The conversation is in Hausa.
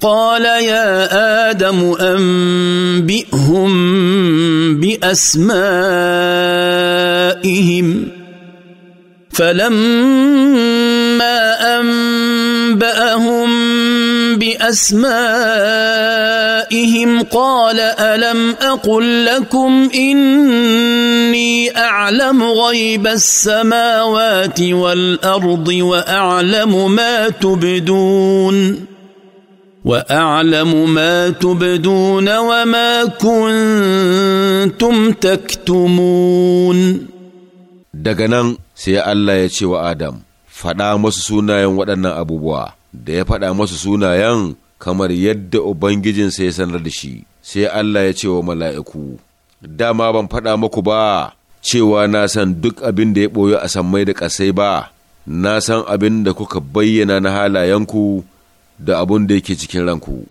قال يا ادم انبئهم باسمائهم فلما انباهم باسمائهم قال الم اقل لكم اني اعلم غيب السماوات والارض واعلم ما تبدون واعلم ما تبدون وما كنتم تكتمون daga nan sai Allah ya ce wa Adam faɗa masu sunayen waɗannan abubuwa da ya faɗa masu sunayen kamar yadda Ubangijinsa ya sanar da shi sai Allah ya ce wa mala'iku dama ban faɗa muku ba cewa na san duk abin da ya ɓoye a sammai da ƙasai ba na san abin da kuka bayyana na halayenku da abun da yake cikin ranku